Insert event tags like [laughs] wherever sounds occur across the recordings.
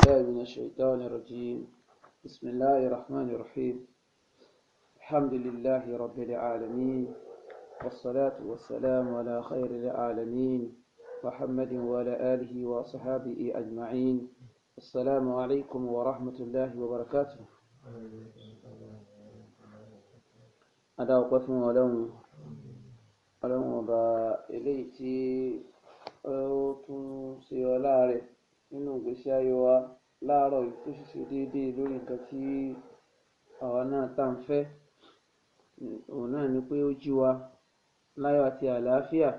بالله من الشيطان الرجيم بسم الله الرحمن الرحيم الحمد لله رب العالمين والصلاة والسلام على خير العالمين محمد وعلى آله وصحابه أجمعين السلام عليكم ورحمة الله وبركاته أدا وقف ولون ولون وبا إليتي أو تنسي ولا nínú ìgbésí ayé wa láàárọ̀ yìí tó sì ṣe déédéé lórí nǹkan tí àwa náà tá ń fẹ́ òun náà ni pé ó jí wa láyọ̀ àti àlàáfíà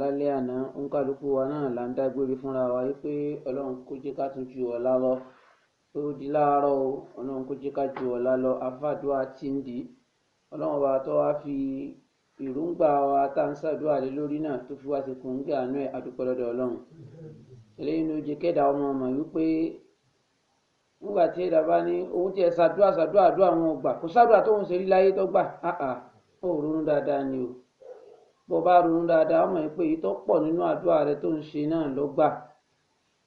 lálẹ́ àná òǹkàlùkù wa náà là ń dágbére fúnra wa wípé ọlọ́run kó jẹ́ ká tún ju ọ̀la lọ pé ó di láàárọ̀ o ọlọ́run kó jẹ́ ká ju ọ̀la lọ afáàdúrà tí ń dì í ọlọ́run ọba tó wá fi èròǹgbà wa tá à ń ṣàdúrà lé lórí náà tó fi wá sí kùn ń gbé àánú ẹ̀ adúpẹ́ lọ́dọ̀ ọlọ́run eléyìí ló jẹ kẹdà ọmọ ọmọ wípé nígbà tí ẹ̀dá bá ní òun tiẹ̀ ṣàdúrà ṣàdúrà àdúrà wọn ò gbà kò ṣàdúrà tóun ṣe rí láyé tó gbà áà ó ronú dáadáa ni o bó bá ronú dáadáa ọmọ yìí pé èyí tó pọ̀ nínú àdúrà rẹ tó ń ṣe náà ló gbà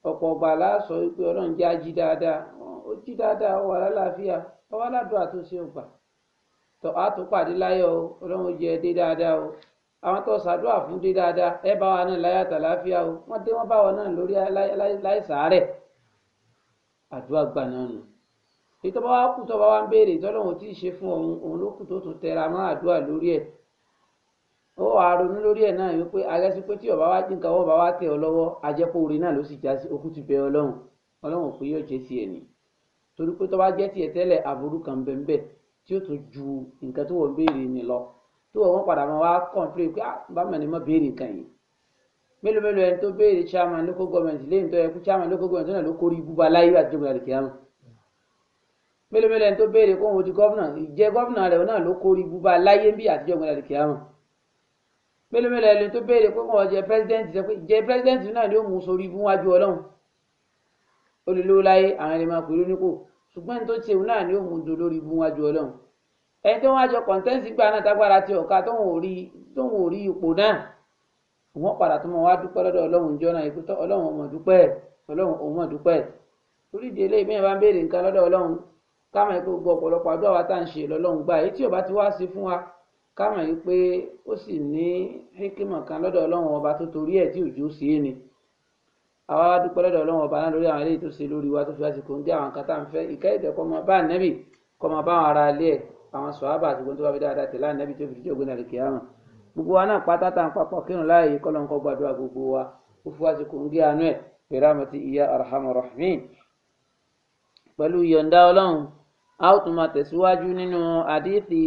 ọ̀pọ̀ ọgbà aláṣọ wípé ọlọ́run jẹ́ ají dáadáa ó jí dáadáa ó wà lálàáfíà ọwọ́ aládùúrà tó ṣe ò tó a tó pàdé láyọ̀ o ọlọ́run jẹ́ dáadáa o àwọn tó ṣàdúrà fún dé dáadáa ẹ bá wa náà láyà tàlàáfíà o wọn dé wọn bá wa náà lórí láìsàárẹ̀ àdúrà gbà náà nù èyí tó bá wá kù tó bá wá ń béèrè tọ́lọ́hún tí ì ṣe fún òun òun ló kù tó tún tẹra mọ́ àdúrà lórí ẹ̀ ó wàá ronú lórí ẹ̀ náà wípé agẹ́sí pé tí ọba wá dín kan wọ́n bá wá tẹ̀ ọ lọ́wọ́ ajẹ́pọ̀ọ́rẹ́ náà ló sì já sí okú ti bẹ ọlọ́run ọlọ́run pé yóò jẹ́ tiẹ̀ nì torí pé tó tó wọ́n padà máa wá kọ̀ǹpilé pé bámọ̀ ah, ni mo béèrè nǹkan yìí mélòó mélòó ẹni tó béèrè chairman local government lẹ́yìn tó yẹ kó chairman local government tó náà ló kórí ibú baláyé àti jọba àdìkíyàmù mélòó mélòó ẹni tó béèrè kó òun di gọ́vnà ìjẹ gọ́vnà rẹ̀ náà ló kórí ibú baláyé bí àti jọba àdìkíyàmù mélòó mélòó ẹni tó béèrè kó òun jẹ president jẹ pé jẹ president náà ni ó mú sórí ibú wájú ọlọ́run olùlówó láyé àwọn ẹni máa pè lóníkò ṣùgbọ́n ẹni tó ṣe ẹni tó wá jọ kọ̀ǹtẹ́ǹsì gbà náà tágbára ti ọ̀ka tóun ò rí tóun ò rí ipò náà wọ́n padà tó mọ wá dúpẹ́ lọ́dọ̀ ọlọ́run jọ náà ìpótọ́ ọlọ́run ọmọ dúpẹ́ ọlọ́run ọmọ dúpẹ́ torí ìdílé ìbéèyàn bá ń béèrè nǹkan lọ́dọ̀ ọlọ́run káàmọ̀ yìí pé gbogbo ọ̀pọ̀lọpọ̀ àdúrà wa tá à ń ṣe lọ́lọ́run gbà èyí tí ọba ti wá sí fún wa káàmọ̀ yìí pé ó sì ní hikimọ̀ kan lọ́dọ̀ ọlọ́run ọba tó torí ẹ̀ tí òjò sí é ni àwa wá dúpẹ́ lọ́dọ̀ ọlọ́run ọba náà lórí àwọn eléyìí tó ṣe lórí wa tó fi wá sí kò ń dé àwọn nǹkan tá à ń fẹ́ ìkẹ́ ìdẹ́kọ́ mọ bá ànẹ́bì kọ́ mọ bá àwọn ará ilé ẹ̀ àwọn sọ̀hábà àti gbogbo tó bá fi dáadáa tẹ̀lé ànábì tó fi jíjọ́ gbé nàlẹ́ kìámà gbogbo wa náà pátá tá kírun láàyè kọ́lọ́ ń kọ́ gbàdúrà gbogbo wa ó fi wá sí kòńgé àánú ẹ̀ pẹ̀lú àmọ́tí ìyá arhamar rahimin pẹ̀lú yọ̀ǹda ọlọ́run a ó tún máa tẹ̀síwájú nínú àdíìtì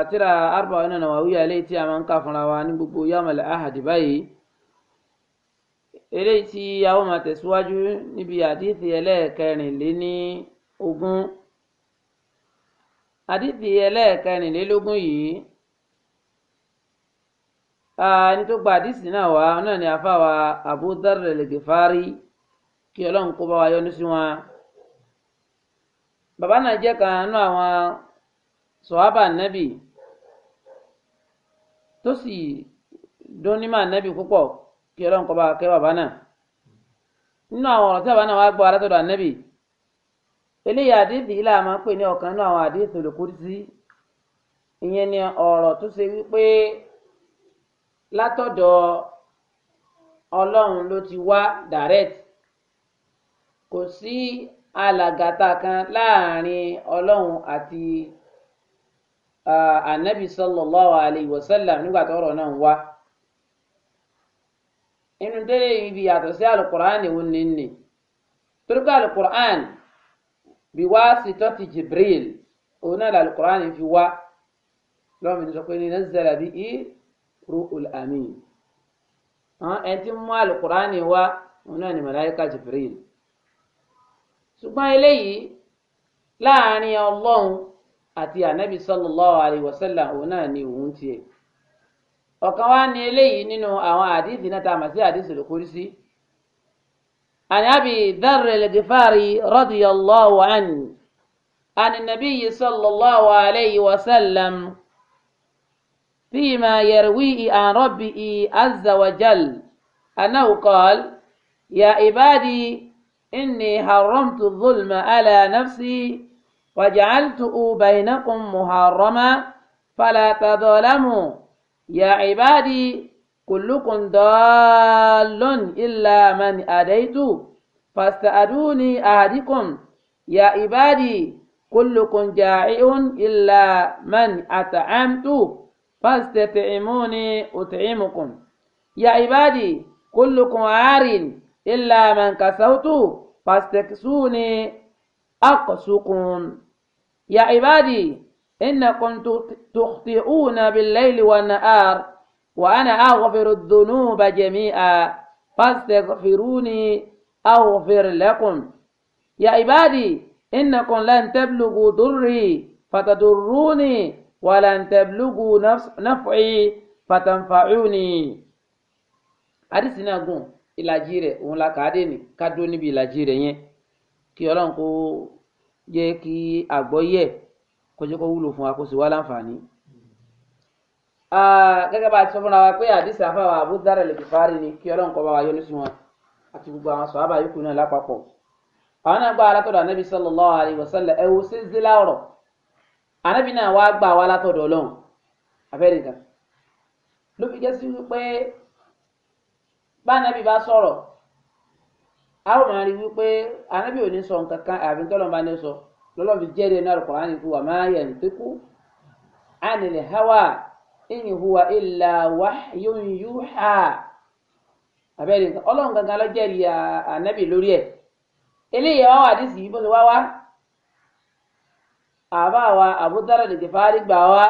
àtìrà arba ọ̀nà nàwáwíyà eléyìí tí a máa ń kà fúnra wa ní gbogbo yàmàlẹ̀ ahadi báyìí eléyìí tí a ó máa tẹ̀síwájú níbi àdíìtì ẹlẹ́ẹ̀kẹrìnléní ogún. hadithi ẹlẹ́ẹ̀kẹrìnlélógún yìí ẹni tó gba hadithi náà wá náà ni àfàwà Abu Dharr kí ọlọ́run kó bá wa yọ sí wọn. bàbá náà jẹ́ kan nínú àwọn sọ̀hábà nẹ́bì tó sì dún ní Nnebi, nẹ́bì púpọ̀ kí ọlọ́run kó bá wa kẹ́ bàbá náà nínú àwọn ọ̀rọ̀ tí bàbá náà wá gbọ́ eléyìí àdìsí yìí là máa ń pè ní ọ̀kan nínú àwọn àdìsí olùkúrísí ìyẹn ni ọ̀rọ̀ tó ṣe wípé látọ̀dọ̀ ọlọ́run ló ti wá direct kò sí alàgàtà kan láàrin ọlọ́run àti anabi sallallahu alayhi wa sallam nígbà tó ọ̀rọ̀ náà ń wá inú délé ibi yàtọ̀ sí alukur'an ni wọn ní torí pé alukur'an bí wá sí tọ́tì jibril òun náà làlùkùránì fi wá lọ́mìnì sọ pé nínú zara bí i ruhul amin ẹni tí mú àlùkùránì wá òun náà ni màláíkà jibril ṣùgbọ́n eléyìí láàrin ọlọ́run àti ànábì sallallahu alaihi wasallam òun náà ni òun tiẹ̀ ọ̀kan wá ní eléyìí nínú àwọn àdìsí náà tá a mọ̀ sí àdìsí lókòrí sí. عن أبي ذر الغفاري رضي الله عنه عن النبي صلى الله عليه وسلم فيما يرويه عن ربه عز وجل أنه قال يا عبادي إني حرمت الظلم على نفسي وجعلته بينكم محرما فلا تظلموا يا عبادي كلكم ضال إلا من أديت فاستأدوني أهدكم يا عبادي كلكم جائع إلا من أطعمت فاستطعموني أطعمكم يا عبادي كلكم عار إلا من كسوت فاستكسوني أقسكم يا عبادي إنكم تخطئون بالليل والنهار وأنا أغفر الذنوب جميعا فاستغفروني أغفر لكم يا عبادي إنكم لن تبلغوا ضري فتضروني ولن تبلغوا نفس نفعي فتنفعوني àdìsí náà gùn ìlàjì rẹ̀ òun la kàá dé ní ká dúró níbi ìlàjì rẹ̀ yẹn kí Ọlọ́run kó jẹ́ kí àgbọ́yé kó jẹ́ kó wúlò fún wa kó sì wá láǹfààní Ah, gẹ́gẹ́ bá a ti sọ fúnra wa pé àdìsí àfàwà àbúdárà lè ni kí ọlọ́run kọ́ bá wa yọ nísìnyí wọn àti gbogbo àwọn sọ̀hábà náà lápapọ̀ àwọn náà gba alátọ̀dọ̀ anábì sallallahu alaihi wasallam ẹ wo sínsílá ọ̀rọ̀ anábì náà wá gba àwọn alátọ̀dọ̀ ọlọ́run ló fi jẹ́ sí a ó máa rí wípé anábì ò ní sọ nǹkan kan àbí tọ́lọ́ in huwa illa wahyun yuha àbẹ́rẹ́ nǹkan ọlọ́run gangan ló jẹ́rìí ànábì lórí ẹ̀ eléyìí wá wà dísì yìí bó wá wá àbá wa Abu Dharr al-Ghifari gbà wá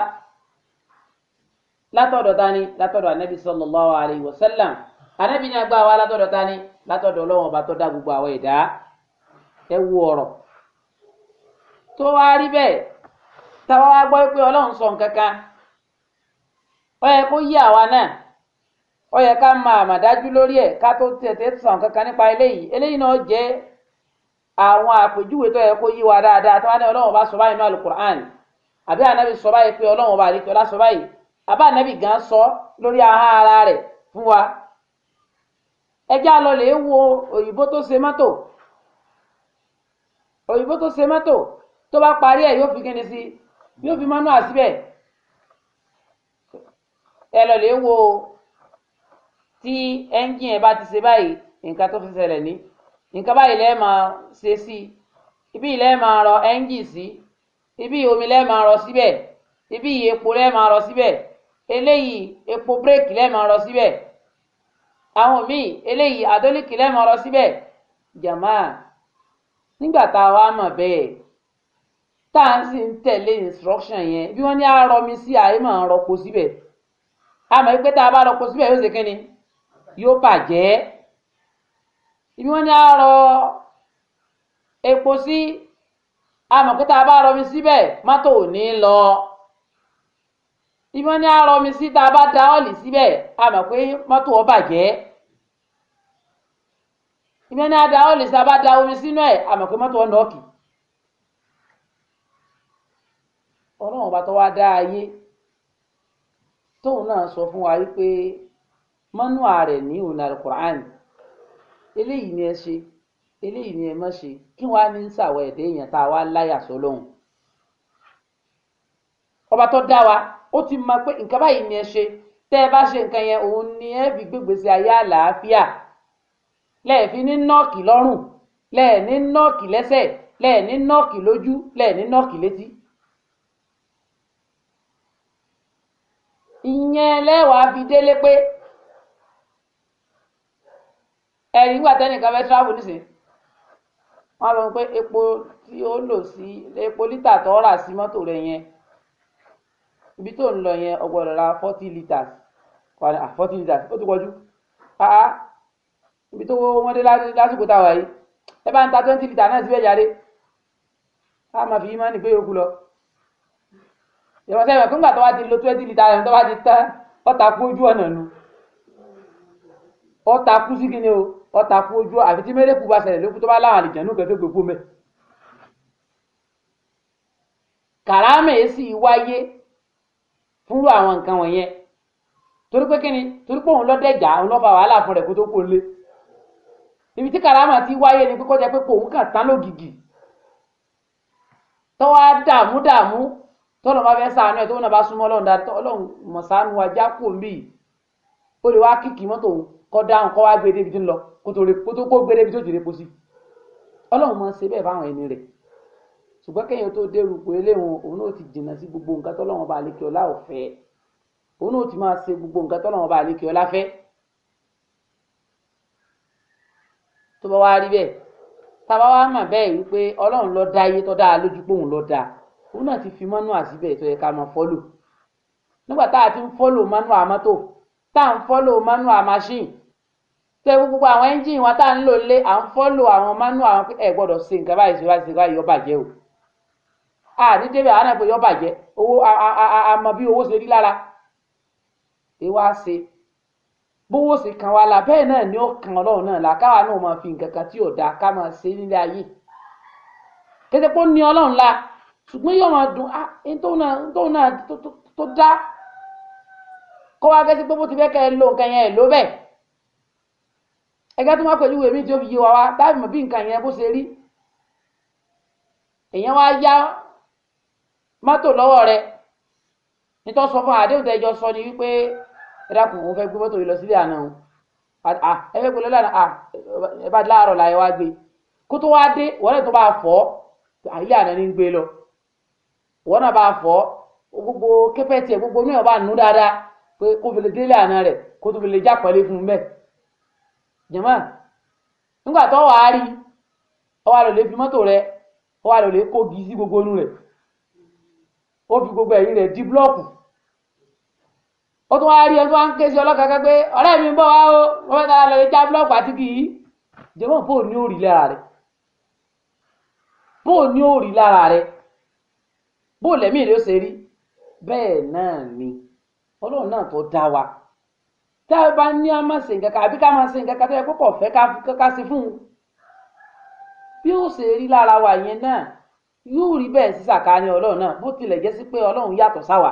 látọ̀dọ̀ tani látọ̀dọ̀ ànábì sallallahu alayhi wa A ànábì ní agbá wa látọ̀dọ̀ tani látọ̀dọ̀ ọlọ́run ọba tó dá gbogbo àwọn ẹ̀dá ẹ wú ọ̀rọ̀ tó wá rí bẹ́ẹ̀ táwa wá gbọ́ pé ọlọ́run sọ nǹkan kan. ó yẹ kó yí àwa náà ó yẹ ká máa lórí ká tó sàn kankan nípa eléyìí eléyìí náà jẹ́ àwọn àpèjúwe tó yẹ kó yí wa dáadáa tó wá ní ọlọ́run bá sọ báyìí ní alukur'an àbí ànábì sọ báyìí pé ọlọ́run bá àdékọ́lá sọ báyìí àbá ànábì gan sọ lórí ahọ́n ara rẹ̀ fún wa ẹjẹ́ wo òyìnbó tó ṣe mọ́tò òyìnbó tó ṣe mọ́tò tó bá parí ẹ̀ yóò fi sí yóò fi mọ́nú àsíbẹ̀ ẹ lọ lè wo tí ẹ́ńjìn ẹ bá ti ṣe báyìí nǹkan tó fi ṣẹlẹ̀ ní nǹkan báyìí lẹ́ẹ̀ máa ṣe sí ibi lẹ́ẹ̀ máa rọ ẹ́ńjìn sí ibi omi lẹ́ẹ̀ máa rọ síbẹ̀ ibi epo lẹ́ẹ̀ máa rọ síbẹ̀ eléyìí epo bírèkì lẹ́ẹ̀ máa rọ síbẹ̀ àwọn míì eléyìí àdólìkì lẹ́ẹ̀ máa rọ síbẹ̀ jàmáà nígbà tá a wá mọ̀ bẹ́ẹ̀ tá à sì ń tẹ̀lé instruction yẹn bí wọ́n ní àárọ̀ mi sí àyè máa rọpo síbẹ̀ a mọ̀ pé tá a bá lọ kó síbẹ̀ yóò ṣe kínni yóò bàjẹ́ ibi wọ́n ní a rọ epo sí a mọ̀ pé tá a bá rọ mi síbẹ̀ mọ́tò ò ní lọ ibi wọ́n ní a rọ mi sí tá a bá da ọ́ọ̀lì síbẹ̀ a pé mọ́tò ó bàjẹ́ ibi wọ́n ní a da ọ́ọ̀lì sí a bá da omi sínú ẹ̀ a pé mọ́tò ó nọ́ọ̀kì ọlọ́run ọba tó wá dá ayé tóun náà sọ fún wa wípé mọ́núà rẹ̀ ní òun eléyìí ni ẹ ṣe eléyìí ni ẹ má ṣe kí wàá ní sàwọ ẹdẹ èèyàn tá a wá láyà sọlọ́hún ọba tó dá wa ó ti mọ pé nǹkan báyìí ni ẹ ṣe tẹ́ ẹ bá ṣe nǹkan yẹn òun ni ẹ fi gbégbèsè ayé àlàáfíà lẹ́ẹ̀fi ní nọ́ọ̀kì lọ́rùn lẹ́ẹ̀ ní nọ́ọ̀kì lẹ́sẹ̀ lẹ́ẹ̀ ní nọ́ọ̀kì lójú lẹ́ẹ̀ ní nọ́ọ̀kì létí. ìyẹn lẹ́wàá fi délé pé ẹ̀rí nígbà tẹ́nìkan fẹ́ travel nísìn wọ́n lọ pé epo tí ó lò sí epo lítà tó rà sí mọ́tò rẹ̀ yẹn ibi tó ń lọ yẹn ó gbọ́dọ̀ ra forty litres ah, forty litres ó ti pọ̀jù ah, ah ibi tó wọ́n dé lásìkò táwa yìí ẹ bá ń ta twenty litres náà síbẹ̀ yàrá ká máa fi yí máa nì yòókù lọ ìrọ̀sẹ̀ ìwọ̀n nígbà tó wá ti lo twenty litre ẹ̀rọ tó wá ti tán ọ̀tà kú ojú ọ̀nà nu ọ̀tà kú sí kíni o ọ̀tà kú ojú àfi tí mérekù bá ṣẹlẹ̀ lókù tó bá láwọn àlìjẹ̀nú kẹfẹ́ gbogbo mẹ́. kàrámà èsì wáyé fúnrú àwọn nǹkan wọ̀nyẹn torí pé kíni torí pé òun lọ́dẹ̀jà òun lọ́fà wàhálà fún rẹ̀ kó tó kó lé ibi tí kàrámà ti wáyé ni pé kọjá tọ́lọ̀ máa fẹ́ sàánú ẹ̀ tó náà bá súnmọ́ ọlọ́run dáadáa ọlọ́run mọ̀ sàánú wa já kò mí ó lè wá kíkì mọ́tò kọ́ dáhùn kọ́ wá gbé débi tó ń lọ kó tó kó gbé débi tó jèrè kó sí ọlọ́run máa ń ṣe bẹ́ẹ̀ fáwọn ẹni rẹ̀ ṣùgbọ́n kéèyàn tó dérú pé eléwọn òun náà ti jìnnà sí gbogbo nǹkan tọ́lọ́run bá lékè ọlá ọ̀fẹ́ òun náà ti máa ṣe gbogbo nǹkan tọ́lọ́run bá lékè ọlá fẹ́ tó bá wá rí bẹ́ẹ̀ tàbá wá mà bẹ́ẹ̀ wípé ọlọ́run ló dá ayé tó dáa lójú pé òun ló dáa òun náà ti fi manua síbẹ̀ tó yẹ ká máa fọ́lò nígbà tá a ti ń fọ́lò manua mọ́tò tá à ń fọ́lò manua machine tẹ gbogbo àwọn ẹ́ńjìn wọn tá à ń lò lé à ń fọ́lò àwọn manua wọn pé ẹ gbọ́dọ̀ ṣe nǹkan báyìí ṣe báyìí ṣe báyìí yọ bàjẹ́ o àní débẹ̀ àwọn náà pé yọ bàjẹ́ owó àmọ́ bí owó ṣe rí lára èwa ṣe bówó ṣe kan wa la bẹ́ẹ̀ náà ni ó kan ọlọ́run náà la káwa náà máa fi nǹkan kan tí ò dáa ká máa ṣe nílé ayé kété pé ó ní ọlọ́run la ṣùgbọ́n yóò máa dùn ah tóun náà tóun náà tó dá kó wá gẹ́sí pé bó ti fẹ́ kẹ́ ẹ lo nǹkan yẹn ẹ ló bẹ́ẹ̀ ẹgbẹ́ tó máa pẹ̀lú ìwé mi tí ó fi yé wa wá táàbì mọ̀ bí nǹkan yẹn bó ṣe rí èèyàn wá yá mọ́tò lọ́wọ́ rẹ nítorí sọ fún àdéhùn tẹ́jọ sọ ni wípé ẹ dákun fẹ́ gbé mọ́tò yìí lọ sílé àná o ẹ fẹ́ gbé lọ láàárọ̀ láyé wá gbé kó tó wá dé wọ́n lè tó bá fọ́ ilé àná ní gbé lọ wọn náà bá fọ gbogbo kẹfẹtì ẹ gbogbo mìíràn bá nù dáadáa pé kó fi lè délé àná rẹ kó tó fi lè jápọlé fún un bẹ jẹmọ nígbà tó wà á rí ọwọ àlòlé fi mọ́tò rẹ ọwọ àlòlé kó gi sí gbogbo inú rẹ ó fi gbogbo ẹ̀yìn rẹ di búlọọkù ó tún wá rí ẹni tó wá ń ké sí ọlọ́kàkẹ́ pé ọ̀rẹ́ mi ń bọ̀ wá o wọ́n fẹ́ tara lọ lè já búlọọkù àti kì í jẹmọ fóònù ní òrì lára rẹ fóònù ní òrì lára rẹ bó lẹ́mí rẹ̀ ṣe rí bẹ́ẹ̀ náà ni ọlọ́run náà tó dá wa tá a bá ní a máa ṣe nǹkan kan àbí ká máa ṣe nǹkan kan tó yẹ kó kọ̀ fẹ́ ká sí fún un bí ó ṣe rí lára wa yẹn náà yóò rí bẹ́ẹ̀ sí sàkáání ọlọ́run náà bó tilẹ̀ jẹ́ sí pé ọlọ́run yàtọ̀ sáwa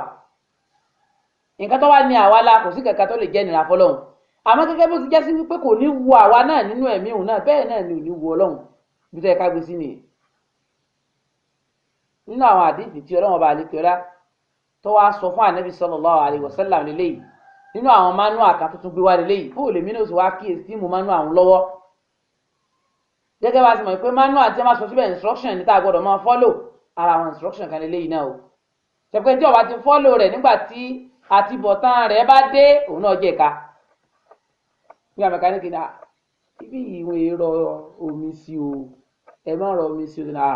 nǹkan tó wá ní àwa la kò sí kankan tó lè jẹ́ ìnira fọlọ́run àmọ́ gẹ́gẹ́ bó ti jẹ́ sí pé kò ní wo àwa náà nínú ẹ̀mí òun náà bẹ́ẹ̀ náà ni ò ní wo ọlọ́run bí tó yẹ ká gbé sí nìyẹn nínú àwọn àdìsí tí ọlọ́wọ́n bá àlekè ọlá tó wá sọ fún ànábì sallallahu alaihi wasallam lélẹ́yìí nínú àwọn mánú àká tuntun gbé wá lélẹ́yìí fún òlèmí náà sì wá kíyèsí tí mo mánú àwọn lọ́wọ́ gẹ́gẹ́ bá ti mọ̀ pé mánú àti ẹ máa sọ síbẹ̀ instruction ní a gbọ́dọ̀ máa follow ara àwọn instruction kan lélẹ́yìí náà o ṣẹ̀pẹ́ tí ọba ti follow rẹ̀ nígbà tí àtibọ̀tán rẹ̀ bá dé òun náà jẹ́ ẹ̀ka nígbà mẹkáníkì náà ah, ibi ìwé rọ omi sí o ẹ má rọ omi sí o náà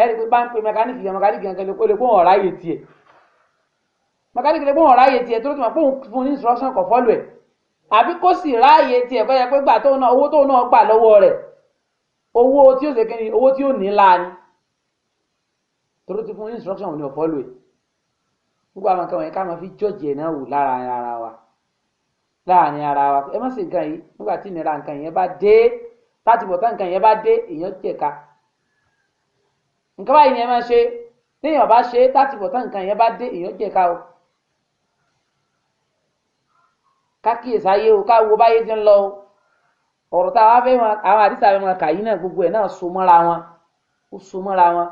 ẹ rí i pé bá ń pe mẹkáníìkì yẹn mẹkáníìkì yẹn kẹlẹ kó wọn ọ̀ráyè tiẹ̀ mẹkáníìkì lè kó wọn ọ̀ráyè tiẹ̀ tó ló ti mọ̀ pé òun fún ní instruction kọ̀ fọ́lù ẹ̀ àbí kó sì ráàyè tiẹ̀ kọ́ yẹ pé gbà tóun náà owó tóun náà gbà lọ́wọ́ rẹ̀ owó tí ó ṣe kí ni owó tí ó ní ńlá ni tó ló ti fún ní instruction òun ni ò fọ́lù ẹ̀ gbogbo àwọn kan wọ̀nyí ká máa fi jọ́ọ̀jì ẹ̀ náà wò lára ara wa láàrin ara wa ẹ má ṣe nǹkan yìí nígbà tí ìnira nǹkan yẹn bá dé láti bọ̀ tá nǹkan nǹkan báyìí ni ẹ máa ṣe téèyàn bá ṣe láti bọ̀ tán nǹkan yẹn bá dé èèyàn jẹ ká o kákíyèsí ayé o káwo báyé ti ń lọ o ọ̀rọ̀ tá a wá fẹ́ wọn àwọn àdìsá fẹ́ wọn kàyí náà gbogbo ẹ̀ náà so mọ́ra wọn ó so mọ́ra wọn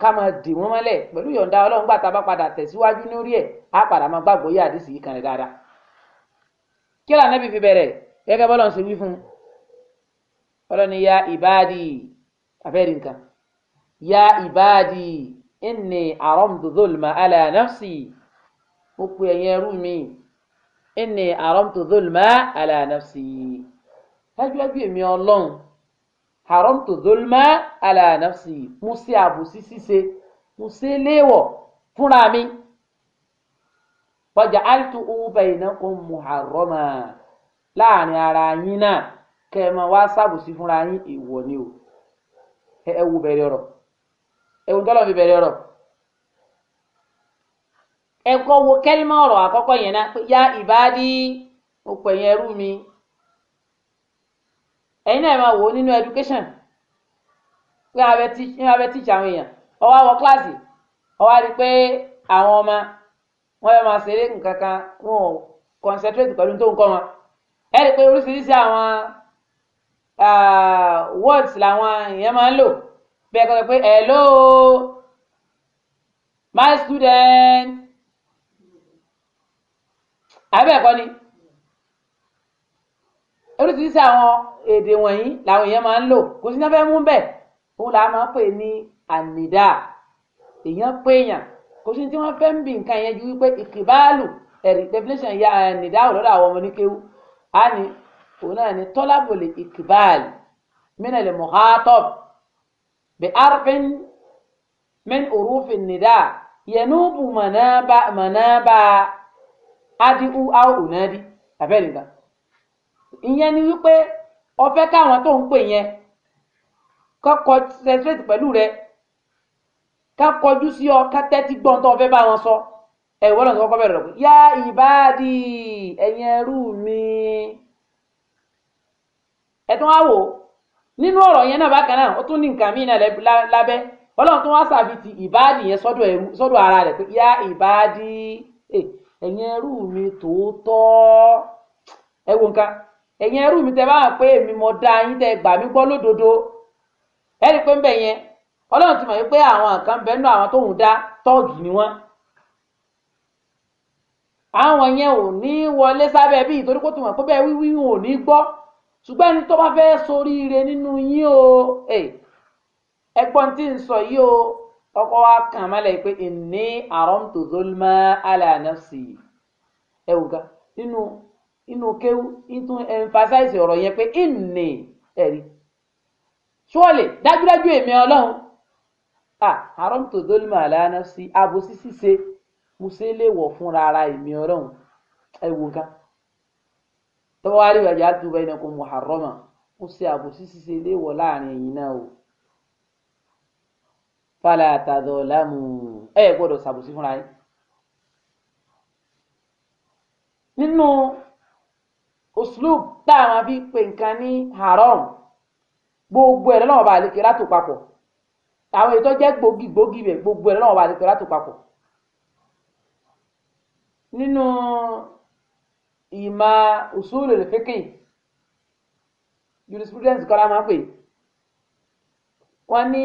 ká máa dì wọ́n mọ́lẹ̀ pẹ̀lú yọ̀ǹda ọlọ́run gbà tá a bá padà tẹ̀síwájú lórí ẹ̀ á padà máa gbàgbọ́ yé àdìsí yìí kan rẹ̀ dáadáa kí lànà bí fi bẹ̀rẹ̀ gẹ́gẹ́ bọ́lọ̀ ń ṣe wí fún ọlọ́ni ya ìbáàdì àfẹ́rí nǹkan ya ìbáàdì inni àrọ́mdù zulma ala nafsi mo pe ẹ̀yin ẹrú mi inni àrọ́mdù zulma ala nafsi dájúdájú èmi ọlọ́run àrọ́mdù zulma ala nafsi mo ṣe àbòsí ṣíṣe mo ṣe léèwọ̀ fúnra mi wàjà àìtú ọ̀húnbẹ̀ ìnákùn muharrama láàrin ara yín náà kẹ́ ẹ máa wá ṣàbòsí fúnra yín ìwọ ni o ẹ wù bẹ̀rẹ̀ ọ̀rọ̀ ẹ̀wọ̀n tọ́lọ́ fi bẹ̀rẹ̀ ọ̀rọ̀ ẹ̀kọ́ wo kẹ́límọ̀ ọ̀rọ̀ àkọ́kọ́ yẹn náà ya ìbádí mo pè yẹn rú mi ẹ̀yin náà máa wò ó nínú education pé abẹ tíjà àwọn èèyàn ọwọ́ àwọn kíláàsì ọwọ́ àti pé àwọn ọmọ wọn fẹ́ máa ṣeré nǹkan kan wọn ò concentrate pẹ̀lú tó ń kọ́ wọn ẹ rí i pé oríṣiríṣi àwọn ah, words làwọn èèyàn máa ń lò bẹ́ẹ̀ kọ́ pé hello my student àbẹ̀kọ́ ni oríṣiríṣi àwọn èdè wọ̀nyí làwọn èèyàn máa ń lò kò sí náà fẹ́ mú bẹ́ẹ̀ òun làá máa ń pè ní ànídà èèyàn pé èèyàn kò sí tí wọ́n fẹ́ ń bì nǹkan yẹn ju wípé ìkìbáàlù ẹ̀rí definition ya eh, ànídà ọ̀lọ́dọ̀ àwọn ọmọ oníkéwu á ní òun náà ní tọ́lábòlè ìkìbáàlù mínàlè mọ̀hátọ́pù بحرف من حروف النداء ينوب منابا منابا ادعو او انادي abẹ́rẹ́ nǹkan ìyẹn ni wípé ó fẹ́ káwọn tó ń pè yẹn kọ́kọ́ sẹ́sírẹ́tì pẹ̀lú rẹ ká kọjú sí ọ ká tẹ́tí gbọ́n tó o fẹ́ bá wọn sọ ẹ ìwọ náà kọ́kọ́ bẹ̀rẹ̀ rẹ̀ yá ìbáàdì ẹ̀yin ẹrú mi ẹ̀ tún wá wò ó. nínú ọ̀rọ̀ yẹn náà bákan náà ó tún ní nǹkan míì náà lábẹ́ ọlọ́run tó wá sàbí ti ìbáàdì yẹn sọ́dọ̀ ara rẹ̀ pé yá ìbáàdì ẹ̀yin ẹrú mi tòótọ́ ẹ wo nǹkan ẹ̀yin ẹrú mi tẹ bá wà pé èmi mo dá yín tẹ gbà mí gbọ́ lódodo ẹ rí i pé ń bẹ̀ yẹn ọlọ́run ti mọ̀ yín pé àwọn kan bẹ́ẹ̀ nú àwọn tóun dá tọ́ọ̀gì ni wọ́n àwọn yẹn ò ní wọlé sábẹ́ bíi torí kó ti mọ̀ pé bẹ́ẹ̀ wíwí wọn ò ní gbọ́ ṣùgbọ́n ẹni tó bá fẹ́ soríire nínú yín o eh, ẹgbọ́n tí ń sọ yìí o ọkọ wa kàn mọ́lẹ̀ pé inni aramtu zulma ala nafsi ẹ̀wù ga nínú inú kéwù nínú emphasize ọ̀rọ̀ yẹn pé inni ẹ̀rí ṣọ́ọ̀lẹ̀ dájúdájú èmi ọlọ́run ah, aramtu zulma ala nafsi àbòsí ṣíṣe mo ṣe é léwọ̀ fúnra ara èmi ọlọ́run ẹ̀wù ga tọ́wọ́ àrí wàjà tó bá iná kó muharrama ó ṣe àbòsí ṣíṣe léèwọ̀ láàrin ẹ̀yin náà o fàlà àtàdọ̀ lámù ẹ gbọ́dọ̀ ṣàbòsí fúnra yín nínú uslub tá a máa fi pè nǹkan ní haram gbogbo ẹ̀rọ náà bá àlekè látò papọ̀ àwọn ètò jẹ́ gbòógì gbòógì bẹ̀ gbogbo ẹ̀rọ náà bá àlekè látò papọ̀ nínú ìmọ̀ usulul fiqh jurisprudence kọ́ra máa pè wọ́n ní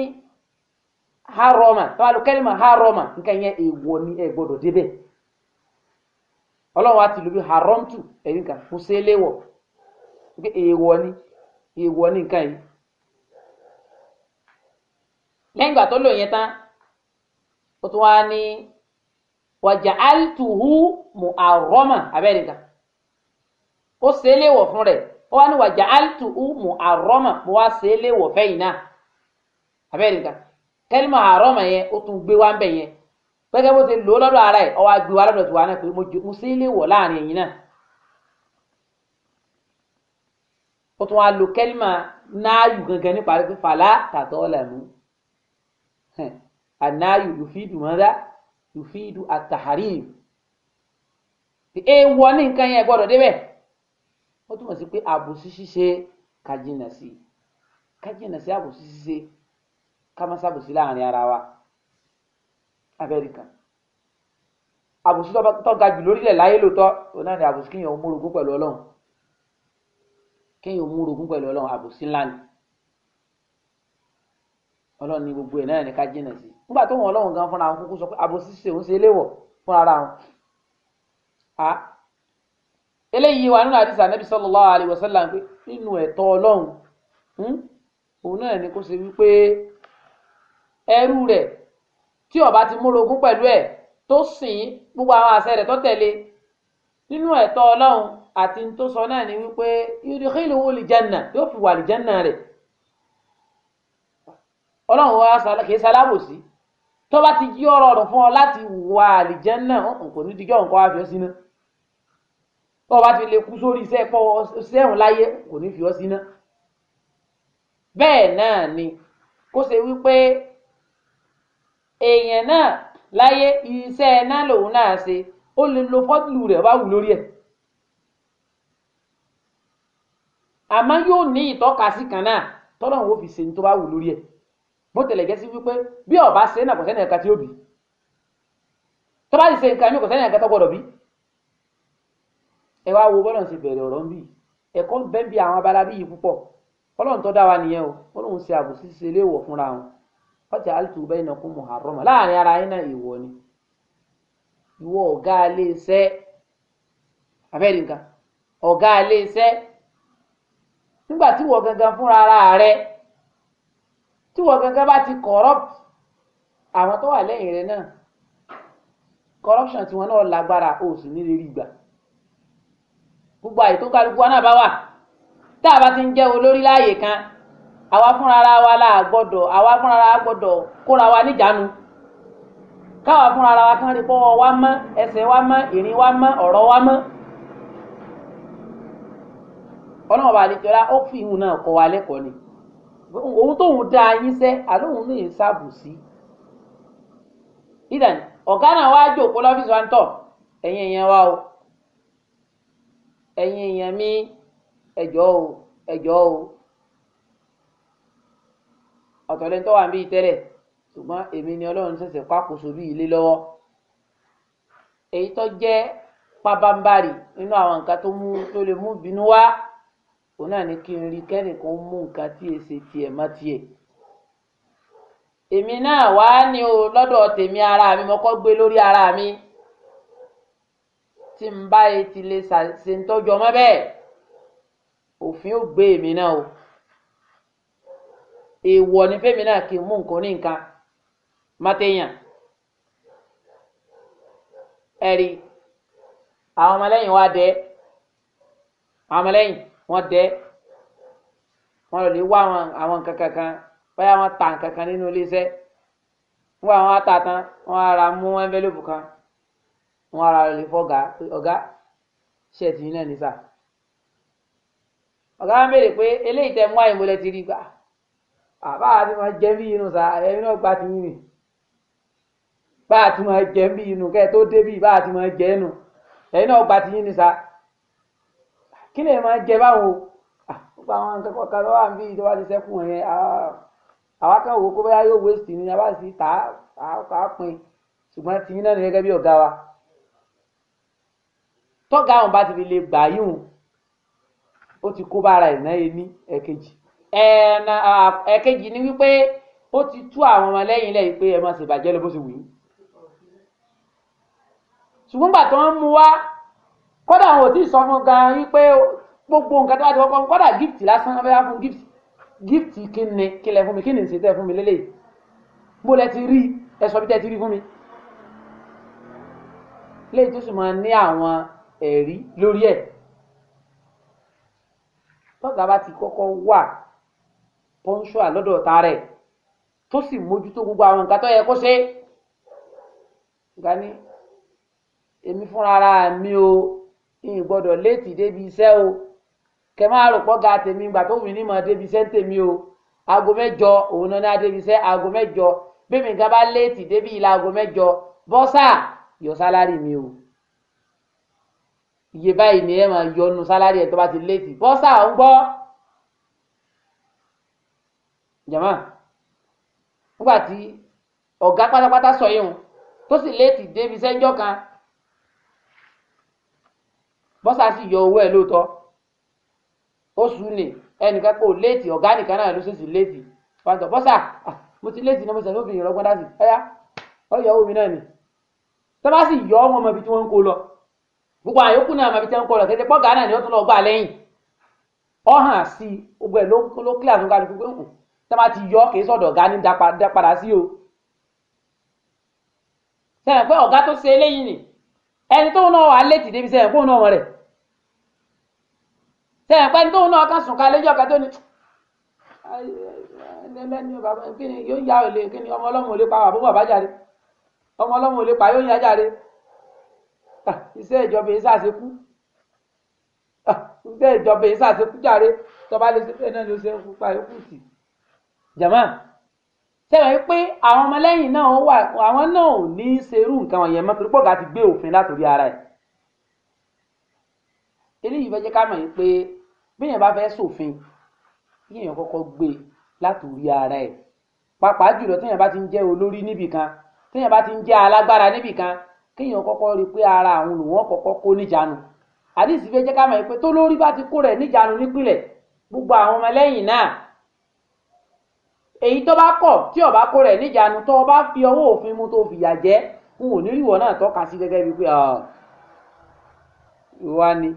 haroma tọ́wálù haroma nǹkan yẹn èèwọ̀ ni ẹ gbọ́dọ̀ débẹ̀ ọlọ́run wa ti lù bí haromtu ẹ̀rí nǹkan fún sẹ́lẹ̀wọ̀ pé èèwọ̀ ni èèwọ̀ ni nǹkan yìí lẹ́yìn ìgbà tó lò yẹn tán ó tún wá ní wàjà altuhu mu aroma abẹ́rẹ́ nǹkan ó ṣe é léwọ̀ fún rẹ̀ ó wá ní wàjà àìtù umu àrọ́mà mo wá ṣe é léwọ̀ fẹ́yìn náà abẹ́rẹ́ nǹkan kẹ́límà àrọ́mà yẹn ó tún gbé wá ń bẹ̀ yẹn gbẹ́gẹ́ bó ṣe lò ó lọ́dọ̀ ara ẹ̀ ó wá gbé wá lọ́dọ̀ tiwa náà pé mo ṣe é léwọ̀ láàrin ẹ̀yin náà ó tún wá lo kẹ́límà náàyù gangan nípa pé fàlà tàtọ́ làmú ànáyù yòfídù mọ́dá yòfídù àtàhárìm èèwọ̀ ní nǹkan yẹn gbọ́dọ̀ débẹ̀ ó túmọ̀ sí pé àbòsí ṣíṣe ká jìnà sí ká jìnà sí àbòsí ṣíṣe ká má ṣàbòsí láàrin ara wa abẹ́ríkà àbòsí tó ga jù lórílẹ̀ láyé lóòótọ́ òun náà ni àbòsí kéèyàn ó múrogún pẹ̀lú ọlọ́run kéèyàn ó múrogún pẹ̀lú ọlọ́run àbòsí ńlá ni ọlọ́run ni gbogbo ẹ̀ náà ni ká sí nígbà tó wọn ọlọ́run gan fúnra wọn kúkú sọ pé àbòsí ṣe òun ṣe léwọ̀ fúnra wọn eléyìí wa nínú àdìsá nàbì sallallahu alaihi wasallam pé nínú ẹ̀tọ́ Ọlọ́run hmm, òun náà ni kó ṣe wípé ẹrú rẹ̀ tí ó bá ti mórogún pẹ̀lú ẹ̀ tó sìn gbogbo àwọn àṣẹ rẹ̀ tó tẹ̀lé nínú ẹ̀tọ́ Ọlọ́run àti tó sọ náà ni wípé yudkhiluhu al-janna yóò fi wà al-janna rẹ̀ Ọlọ́run wa kì í ṣalábòsí tó ti jí ọ̀rọ̀ ọ̀rọ̀ fún ọ láti wà al-janna kò ní dijọ́ nǹkan wá tó o bá ti lè kú sórí iṣẹ́ pọ́ sẹ́hùn láyé kò ní fi ọ́ síná bẹ́ẹ̀ náà ni kó ṣe wípé èèyàn náà láyé iṣẹ́ náà lòun náà ṣe ó lè lo fọ́tìlù rẹ̀ wá wù lórí ẹ̀ àmọ́ yóò ní ìtọ́kasí kan náà tọ́lọ́run ó fi ṣe ní tó bá wù lórí ẹ̀ bó tẹ̀lẹ̀ gẹ́ sí wípé bí ọba ṣe é náà kò sẹ́ni ẹ̀ka tí ó bì tó bá sì ṣe nǹkan yóò kò sẹ́ni ẹ̀ka tó gbọ́dọ̀ bí ẹ wá wo bọ́lọ̀ ṣe bẹ̀rẹ̀ ọ̀rọ̀ ń bì ẹ̀kọ́ ń bẹ́ ń bi àwọn abala bí yìí púpọ̀ ọlọ́run tó dá wa nìyẹn o ó lóun ṣe àbùsí ṣe léèwọ̀ fúnra wọn ọjà àlùtù bẹ́ẹ̀ náà kún muharrama láàrin ara yín náà ìwọ ni ìwọ ọ̀gá ilé iṣẹ́ abẹ́rẹ́ nǹkan ọ̀gá ilé iṣẹ́ nígbà tí wọ́n gangan fúnra ara rẹ tí wọ́n gangan bá ti corrupt àwọn tó wà lẹ́yìn rẹ náà corruption tiwọn náà lágbára o sì ní lè rí gbà gbogbo àyè tó kálukú wa náà bá wà tá a bá ti ń jẹ́ olórí láàyè kan àwa fúnra ara wa la gbọ́dọ̀ àwa fúnra ara gbọ́dọ̀ kóra wa níjàánu káwa fúnra ara wa kán rí pọ́wọ́ wa mọ́ ẹsẹ̀ wa mọ́ ìrìn wa mọ́ ọ̀rọ̀ wa mọ́ ọlọ́run bá lè jọra ó fi ìhun náà kọ́ wa lẹ́kọ̀ọ́ ni òun tóun dá yín sẹ́ àlóhun ní ìsàbù sí ìdàn ọ̀gá náà wá jòkó lọ́fíìsì wa ń tọ̀ ẹ̀yin ẹ̀yẹn wa o ẹ̀yin èèyàn mi ẹ jọ̀ọ́ o ẹ jọ̀ọ́ o ọ̀tọ̀lẹ́ tó wà ń bí tẹ́lẹ̀ ṣùgbọ́n èmi ni ọlọ́run ṣẹ̀ṣẹ̀ pàkóso bí ilé lọ́wọ́ èyí tó jẹ́ pabambarì nínú àwọn nǹkan tó mú tó lè mú bínú wá òun náà ni kí n rí kẹ́nìkan mú nǹkan tí èsì tiẹ̀ má tiẹ̀ èmi náà wàá ní o lọ́dọ̀ tèmi ara mi mo kọ́ gbé lórí ara mi tí n bá yẹ ti lè ṣe ń tọ́jú ọmọ bẹ́ẹ̀ òfin ò gbé èmi náà o èèwọ̀ ni fẹ́mi náà kì í mú nǹkan ní nǹkan mọ́tẹ́yàn ẹ̀rí àwọn ọmọlẹ́yìn wa dẹ́ àwọn ọmọlẹ́yìn wọ́n dẹ́ wọ́n lọ lè wá àwọn nǹkan kankan báyà wọ́n ta nǹkan kan nínú iléeṣẹ́ wọ́n àwọn àtàtàn wọ́n ara mú envelope kan. wọn ara rẹ̀ fọ́gà ọ̀gá ṣẹ́ẹ̀tì yín náà ní sà ọ̀gá wọn béèrè pé eléyìí tẹ mú àyìnbó ti rí gbà àbá àti máa jẹ bí inú sa ẹni náà gba ti yín nì bá àti máa jẹ bí inú kẹ tó dé bí bá àti máa jẹ ẹni náà gba ti yín kí lè máa báwo gbogbo ó kó yóò sì á ṣùgbọ́n ti yín náà tọ́gà àwọn bá ti fi lè gbà yín o ó ti kó bára ẹ̀ náà ní ẹ̀kejì ẹ̀kejì ni wípé ó ti tú àwọn ọmọlẹ́yìn lẹ́yìn pé ẹ má ṣe bàjẹ́ lọ bó ṣe wù yín ṣùgbọ́n gbà tó ń mu wá kódà àwọn ò tí ì sọ fún gan wípé gbogbo nǹkan tó bá ti wọ́pọ̀ kódà gift lásán fẹ́ wá fún gift gift kí ni kí lẹ fún mi kí ni ṣe tẹ fún mi lélẹ́yìí bó lẹ ti rí ẹ sọ bí tẹ ti rí fún mi léyìí tó sì máa ní àwọn ẹ̀rí lórí ẹ̀ tọ́gà bá ti kọ́kọ́ wà pọ́ńṣọ́à lọ́dọ̀ ọ̀tá rẹ̀ tó sì mójútó gbogbo àwọn nǹkan tó yẹ kó ṣe gba ní èmi fúnra ara mi o ìyìn gbọ́dọ̀ léètì débi iṣẹ́ o kẹ máa rò pọ́gà tèmi ìgbà tó wù ní mọ̀ débi iṣẹ́ ń tèmi o aago mẹ́jọ òun náà ní adébi iṣẹ́ aago mẹ́jọ bẹ́ẹ̀ mi gan bá léètì débi ìlà aago mẹ́jọ bọ́sà yọ sálárì mi o iye báyìí ni ẹ máa yọnu sálárì ẹ tó bá ti léètì bọ́sà ń gbọ́ jàmá nígbà tí ọ̀gá pátápátá sọ yìí hùn tó sì léètì débi sẹ́ńjọ́ kan bọ́sà sì yọ owó ẹ̀ lóòótọ́ oṣù ni ẹnìkan kò léètì ọ̀gá nìkan náà ló ṣèṣì léètì pàtó bọ́sà mo ti léètì ní mo sẹ̀lẹ́ obìnrin rọgbọ́n dá sí ẹ̀yà ọ̀yọ́ omi náà ni tọ́ bá sì yọ ọmọ ọmọ ibi tí wọ́n ń kó lọ. gbogbo àyókù náà máa fi tẹ́ ń kọ́ lọ tẹ́tẹ́ pọ́gà náà ni ó tún lọ gbà lẹ́yìn ọ sí gbogbo ẹ̀ ló máa ti yọ kì í sọ̀dọ̀ ọ̀gá ní dá padà o sẹ́yìn pé ọ̀gá tó ṣe ni ẹni tóun náà wà létí débi sẹ́yìn pé òun náà rẹ̀ sẹ́yìn pé ẹni tóun náà kàn sùn iṣẹ́ ìjọba yìí ṣàṣekú iṣẹ́ ìjọba yìí ṣàṣekú jàre tọba lè ṣe bẹ́ẹ̀ náà ló ṣe ń pupa ikú tì jàmá sẹ́wọ̀n pé àwọn ọmọlẹ́yìn náà wà àwọn náà ò ní í ṣerú nǹkan wọ̀nyẹn mọ́ torí pọ̀gá ti gbé òfin látòrí ara ẹ̀ eléyìí fẹ́ jẹ́ ká mọ̀ yìí pé bíyàn bá fẹ́ ṣòfin yíyàn kọ́kọ́ gbé látòrí ara ẹ̀ pàápàá jùlọ téèyàn bá ti ń jẹ́ olórí níbì kan téèyàn bá ti ń jẹ́ alágbára níbì kan kéèyàn kọ́kọ́ rí i pé ara àwọn olùwọ́n kọ́kọ́ kó níjànú àdìsí fẹ́ jẹ́ ká mọ̀ pé tó lórí bá ti kó rẹ̀ níjànú nípìnlẹ̀ gbogbo àwọn ọmọlẹ́yìn náà èyí tó bá kọ̀ tí ó kó rẹ̀ níjànú tó bá fi ọwọ́ òfin mu tó fìyà jẹ n ò náà tọ́ka sí gẹ́gẹ́ bíi pé ìwà ni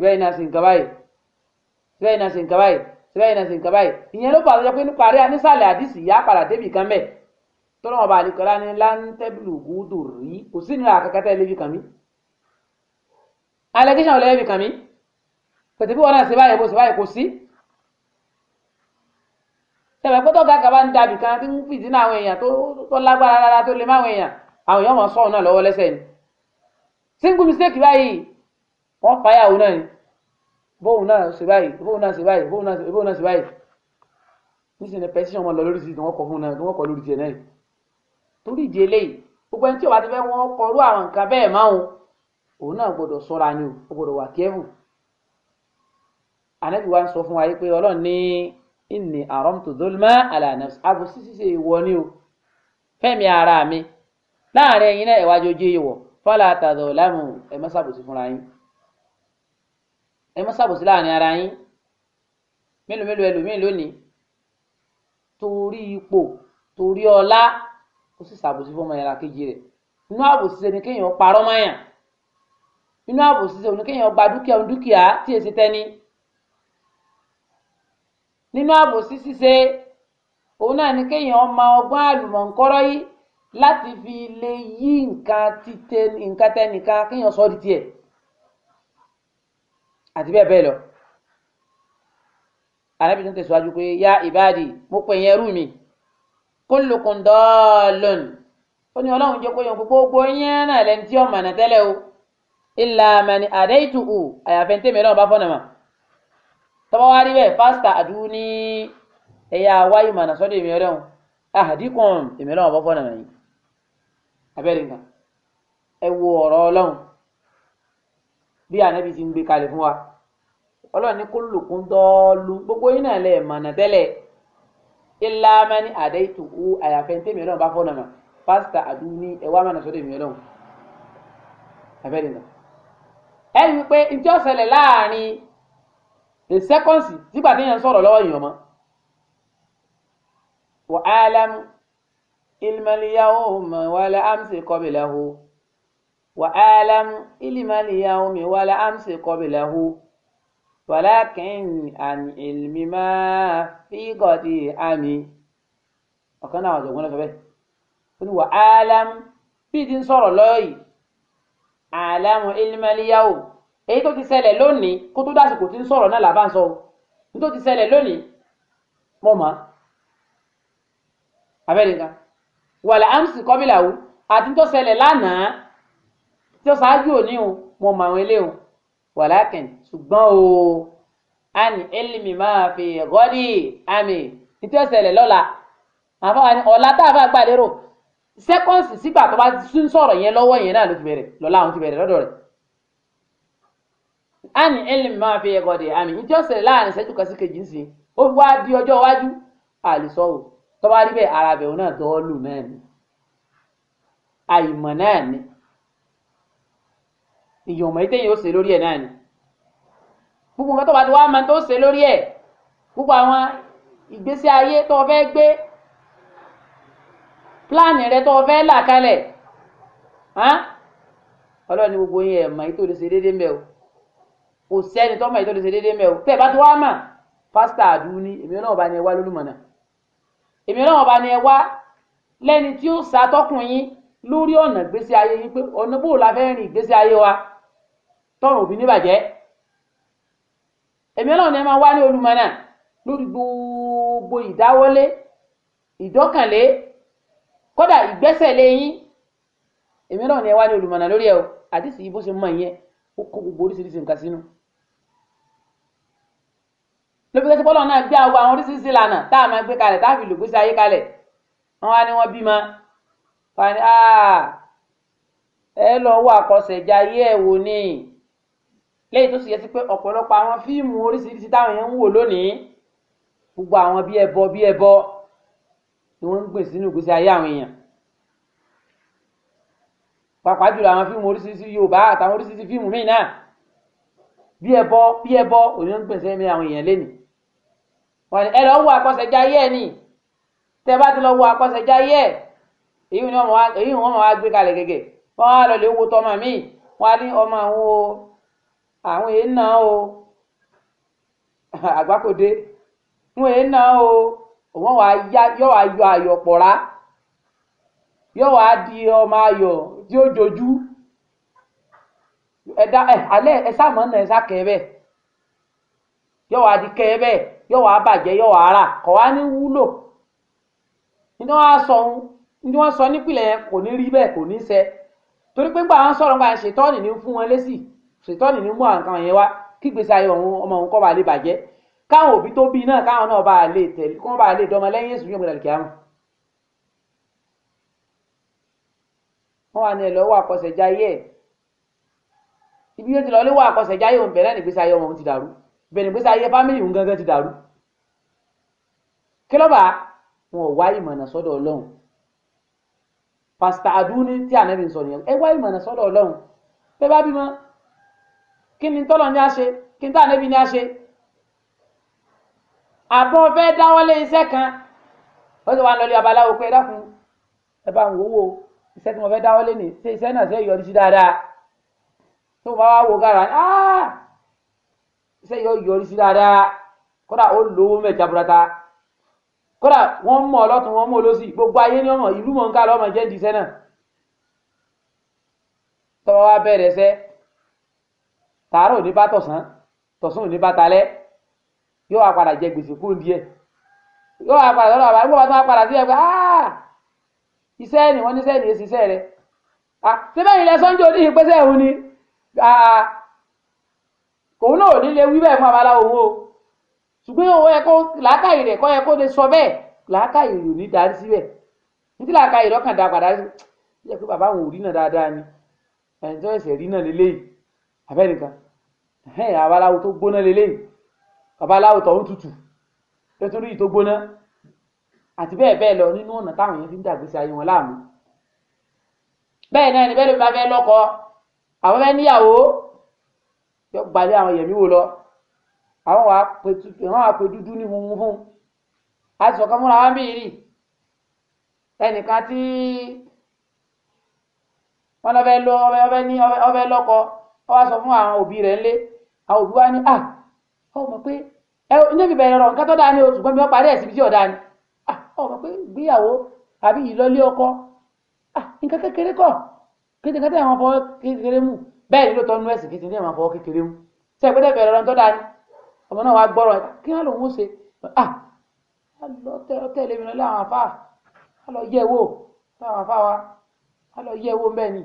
bẹ́ẹ̀ náà sì ń kaba yìí bẹ́ẹ̀ náà sì ń kaba yìí bẹ́ẹ̀ náà sì ń kaba yìí ìyẹn ló fà á lọ pé nípa rẹ̀ nísàlẹ̀ àdìsí yá padà débì kan bẹ́ẹ̀ tọ́lọ́ wọn bá àlè kọ́lá ní láńtẹ́bìlì ògúdù rí kò sí nira àkàkátà ilé fi kàn mí allegation ò lẹ́yìn fi kàn mí pètè bí wọn náà ṣe báyìí kò ṣe báyìí kò sí tẹ̀wẹ̀ pé tọ́gá kaba ń dabì kan tí ń fìdí náà àwọn èèyàn tó lágbára rárá tó lè má àwọn èèyàn àwọn èèyàn máa sọ̀rọ̀ náà lọ́wọ́ lẹ́sẹ̀ ni single mistake báyìí wọ́n fàyàwó náà ni bóun náà ṣe báyìí bóun náà ṣe báyìí bóun náà ṣe báyìí torí ìdí eléyìí gbogbo ẹni tí ó bá ti fẹ́ wọ́n kọrú àwọn nǹkan bẹ́ẹ̀ máwọn òun náà gbọ́dọ̀ ṣọ́ra ni o gbọ́dọ̀ wà kẹ́fù anabi wa ń sọ fún wa yìí pé ọlọ́run ní inni aramtu dhulma ala nafsi àbòsí ṣíṣe ìwọ ni o fẹ́mi ara mi láàrin ẹ̀yin náà ìwájú ojú ìwọ fọlá tàdọ lámù ẹ má ṣàbòsí fúnra yín ẹ má ṣàbòsí láàrin ara yín mélòó mélòó ẹlòmíín lónìí torí ipò torí ọlá kó sì ṣàbòsí fún ọmọ yàrá kejì rẹ̀ inú àbòsíṣe ni kéèyàn parọ́ mọ́yàn inú àbòsíṣe ni kéèyàn gba dúkìá dúkìá tí èsì tẹ́ni nínú àbòsíṣe òun náà ni kéèyàn ọmọ ọgbọ́n àlùmọ̀ǹkọ́rọ́ yìí láti fi lè yí nǹkan títẹ nǹkan tẹnìkan kéèyàn sọ di tiẹ̀ àti bẹ́ẹ̀ bẹ́ẹ̀ lọ arábìnrin tẹ̀síwájú pé yá ìbáàdì mo pè yẹn rú mi kullukum dallun ó ní ọlọ́run jẹ́ kó yọ gbogbo yẹn náà lẹ́ni tí ọmọ àná tẹ́lẹ̀ o illa man hadaytuhu àyàfẹ́ tèmi náà bá fọ́nà mà tọ́wọ́ wá rí bẹ́ẹ̀ pásítà àdúrú ní ẹ̀yà wáyé mànà sọ́dọ̀ èmi ọlọ́run àdínkùn èmi náà bá fọ́nà mà yìí abẹ́rẹ́ nǹkan ẹ wo ọ̀rọ̀ ọlọ́run bí ànábì ti ń gbé kalẹ̀ fún wa ọlọ́run ní kullukum dallun gbogbo yín náà lẹ́ẹ̀ mànà tẹ́lẹ̀ ilamani adaitu u àyàfẹ́ ntẹ́ mi ọlọ́run bá fọ́nà mà pásítà àdúní ẹ̀wá mà nàṣọ́dọ̀ mi ọlọ́run abẹ́rẹ́ nà. ẹ rí i pé ntí ó ṣẹlẹ̀ láàrin the seconds nígbà tí yẹn ń sọ̀rọ̀ lọ́wọ́ yìnyín ọmọ wà á lámú ilmaliyahu mi wàlẹ̀ amsi kọ́bìlahu wà á mi wàlẹ̀ amsi kọ́bìlahu walakin an ilmi ma fi gọdi ami ọ̀kan náà ọ̀jọ̀gbọ́n lọ sọ bẹ́ẹ̀ ó ní wà áálám bí ti ń sọ̀rọ̀ lọ́ọ̀yì áálámù ilmẹlíyàwó èyí tó ti ṣẹlẹ̀ lónìí kó tó dásìkò tí ń sọ̀rọ̀ náà làbá ń sọ ní tó ti ṣẹlẹ̀ lónìí mọ mọ abẹ́rẹ́ nǹkan wàlẹ̀ amsi kọ́bílà wo àti tó ṣẹlẹ̀ lánàá tó ṣáájú òní o mọ mọ àwọn eléyìí wàlákìn ṣùgbọ́n o àní ẹlẹ́mì máa fi gọ́dí àmì nítorí ọ̀sẹ̀lẹ̀ lọ́la àfọwọ́ ni ọ̀la tá a fà gbà lérò sẹ́kọ̀ǹsì sígbà tó bá tún sọ̀rọ̀ yẹn lọ́wọ́ yẹn náà ló ti bẹ̀rẹ̀ lọ́la àwọn ti bẹ̀rẹ̀ lọ́dọ̀ rẹ̀ àní ẹlẹ́mì máa fi gọ́dí àmì nítorí ọ̀sẹ̀lẹ̀ láàrin ìṣẹ́jú kan sí kejì ń ó wá di ọjọ́ iwájú àlùsọ̀wò tó bá rí bẹ́ẹ̀ ara bẹ̀rù náà dọ́ọ́lù náà ni àìmọ̀ náà ni èèyàn mọ̀ ètè yìí ó ṣe lórí ẹ̀ náà ni gbogbo nǹkan tó bá ti wá máa tó ṣe lórí ẹ̀ gbogbo àwọn ìgbésí ayé tó fẹ́ gbé pílánì rẹ tó fẹ́ là kalẹ̀ ọlọ́run ní gbogbo yín mọ̀ ètò ìṣe déédéé mẹ́ o kò sẹ́ni tó mọ̀ ètò ìṣe déédéé mẹ́ o tẹ́ ẹ bá ti wá mà pásítà àdúrú ni èmi náà bá ní ẹ wá lólùmọ̀nà èmi náà bá ní ẹ wá lẹ́ni tí ó sàtọ́kùn yín lórí ọ̀nà ìgbésí ayé yín pé ọ̀nà bó la fẹ́ rìn ìgbésí ayé wa tọrọ òfin níbàjẹ́ èmi ọlọ́run ni ẹ máa wá ní olùmọ̀nà lórí gbogbo ìdáwọ́lé ìdọ́kànlé kódà ìgbẹ́sẹ̀lé yín èmi ọlọ́run ni ẹ wá ní olùmọ̀nà lórí ẹ o àdìsí yìí bó ṣe mọ̀ yẹn ó kó gbogbo oríṣiríṣi nǹkan sínú lóbi kẹsí bọ́lọ̀ náà gbé àwọn oríṣiríṣi lànà tá a máa gbé kalẹ̀ tá a fi lògbèsè ayé kalẹ̀ wọn wá ní wọn bímọ ẹ lọ wọ àkọsẹ̀jayé ẹ wò níyìn lẹ́yìn tó sì yẹ sí pé ọ̀pọ̀lọpọ̀ àwọn fíìmù oríṣiríṣi táwọn èèyàn ń wò lónìí gbogbo àwọn bí ẹbọ bí ẹbọ ni wọ́n ń gbè sínú ìgbésí ayé àwọn èèyàn pàápàá jùlọ àwọn fíìmù oríṣiríṣi Yorùbá àtàwọn oríṣiríṣi fíìmù míì náà bí ẹbọ bí ẹbọ òní ń gbèsè mi àwọn èèyàn lẹ́nu wọn ni ẹ lọ wo àkọsẹjá yẹ ni tẹ bá ti lọ wo àkọsẹjá yẹ èyí ni wọn máa gbé kalẹ̀ gẹ́gẹ́ wọn á lọ lè wo tọmọ mi wọn á ní ọmọ àwọn àwọn èèyàn náà o [laughs] àgbákòde wọn èèyàn náà o wàá yá yọ wàá yọ ayọ̀ pọ̀ra wàá di ọmọ ayọ̀ tí ó dojú ẹ̀dá alẹ́ ẹ̀ sáàmọ́ náà ẹ̀ sá wàá di ní wúlò ṣètọ́nì ni mú àǹkan yẹn wá kí gbèsè ayé ọ̀hún ọmọ òun kọ́ bá lè bàjẹ́ káwọn òbí tó bí náà káwọn náà bá lè tẹ̀lé kí wọ́n bá lè dọ́mọ lẹ́yìn èsù yóò gbẹ̀dẹ̀ kíá mọ̀. wọ́n wà ní ẹ̀ lọ́wọ́ àkọsẹ̀jáyé ẹ̀ ibi tó ti lọ léwọ́ àkọsẹ̀jáyé òun bẹ̀rẹ̀ nígbèsè ayé ọmọ òun ti dàrú bẹ̀rẹ̀ nígbèsè ayé fámìlì òun gangan ti dàrú. kí ló bá wọn wá ìmọ̀nà sọ́dọ̀ ọlọ́run pásítà àdúní tí ànábì ń sọ nìyẹn ẹ wá ìmọ̀nà sọ́dọ̀ ọlọ́run bẹ́ẹ̀ bá bímọ kí ni tọ́lọ̀ ní a ṣe kí ni tá ànábì ní a ṣe àbọ̀ fẹ́ dáwọ́lé iṣẹ́ kan ó sì wá lọ abaláwo pé dákun ẹ bá ń wò wò iṣẹ́ tí mo fẹ́ dáwọ́lé ni ṣé iṣẹ́ náà ṣe yọrí sí dáadáa tó bá wá wò gára áá iṣẹ́ yóò yọrí sí dáadáa kódà ó lówó mẹ́ta burata kódà wọ́n mọ̀ ọlọ́tún wọ́n mọ̀ olóṣì gbogbo ayé ni ọmọ ìlú mọ̀ọ́ká lọ́mọ jẹ́ ìdíṣẹ́ náà tọ́wọ́ wá bẹ̀rẹ̀ sẹ́ẹ́ tààrọ̀ òní bá tọ̀sán tọ̀sán òní bá talẹ́ yóò wá padà jẹ gbèsè kó díẹ̀ yóò wá padà lọ́dọ̀ àbáyé wọ́n wá padà sí ẹgbẹ́ ah iṣẹ́ ni wọ́n ní iṣẹ́ ni èsì iṣẹ́ rẹ̀ ah síbẹ̀ yìí lẹ sọ́njọ́ ní ìpẹ́sẹ̀ òun ni ah òun náà ò ní lè wí bẹ́ẹ̀ fún abala òun o ṣùgbọ́n òun ẹ̀kọ́ làákàyè rẹ̀ kọ́ ẹ̀kọ́ lè sọ bẹ́ẹ̀ làákàyè rẹ̀ ò ní darí síbẹ̀ títí làákàyè rẹ̀ dá padà sí ẹ̀ pé bàbá òun ò rí náà dáadáa ni ẹ̀ ń tọ́ ẹ̀sẹ̀ rí náà lélẹ́yìí abẹ́nìkan ẹ̀hẹ́n babaláwo tó gbóná leléyìí babaláwo tọ̀hún tutù nítorí tó gbóná àti bẹ́ẹ̀ bẹ́ẹ̀ lọ nínú ọ̀nà táwọn èèyàn fi ń dàgbèsè ayé wọn láàmú bẹ́ẹ̀ náà ni bẹ́ẹ̀ ló bá fẹ́ lọ́kọ àwọn fẹ́ níyàwó yọ gbalẹ̀ àwọn yẹ̀mí wò lọ àwọn wàá pe àwọn wàá pe dúdú ní funfun fún a ti sọ̀kan múra wá bí rì ẹnìkan tí wọ́n lọ fẹ́ lọ ọbẹ̀ ní ọbẹ̀ lọ́kọ wọ́n wá sọ fún àwọn òbí rẹ̀ ńlé àwọn òbí wa ní à ah, ọ mọ̀ pé ẹ ní ibi bẹ̀rẹ̀ rọ̀ nǹkan tó dáa ní o ṣùgbọ́n bí wọ́n parí ẹ̀ síbi tí ò dáa ni à ah, ọ mọ̀ pé gbéyàwó àbí ìlọlé ọkọ à ah, nǹkan kékeré kọ́ kéde nǹkan tẹ́ àwọn fọwọ́ kékeré mú bẹ́ẹ̀ ni ló tọ́ nú ẹ̀sìn kéde ní àwọn fọwọ́ kékeré mú ṣe ìpínlẹ̀ bẹ̀rẹ̀ rọ̀ tó dáa ni ọmọ náà wá gbọ́rọ̀ kí wọ́n lòun ó ṣe à lọ tẹ̀lé mi lọ láwọn àfáà lọ yẹ̀ wò láwọn àfáà wa lọ yẹ̀ wò bẹ́ẹ̀ ni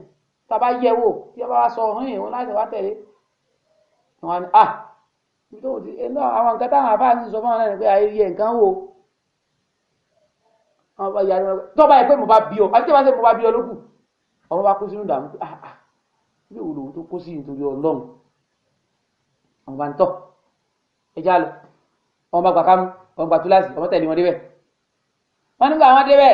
tàbá yẹ wò tí a bá wá sọ ọ̀hún ìhun láti wá tẹ̀lé àwọn àni à àwọn nǹkan táwọn àbá ti sọ fún àwọn ẹni pé ayé yẹ nǹkan wò àwọn bá yàrá tó bá yẹ pé mo bá bí ọ àti tí wọ́n sẹ́ mo bá bí ọ lókù ọmọ bá kó sínú ìdààmú pé ah ah ilé ìwòlò tó kó sí nítorí ọlọ́run àwọn bá ń tọ̀ ẹja lọ ọmọ bá gbà kámú ọmọ gbà túláàsì ọmọ tẹ̀lé wọn débẹ̀ wọ́n nígbà wọn débẹ̀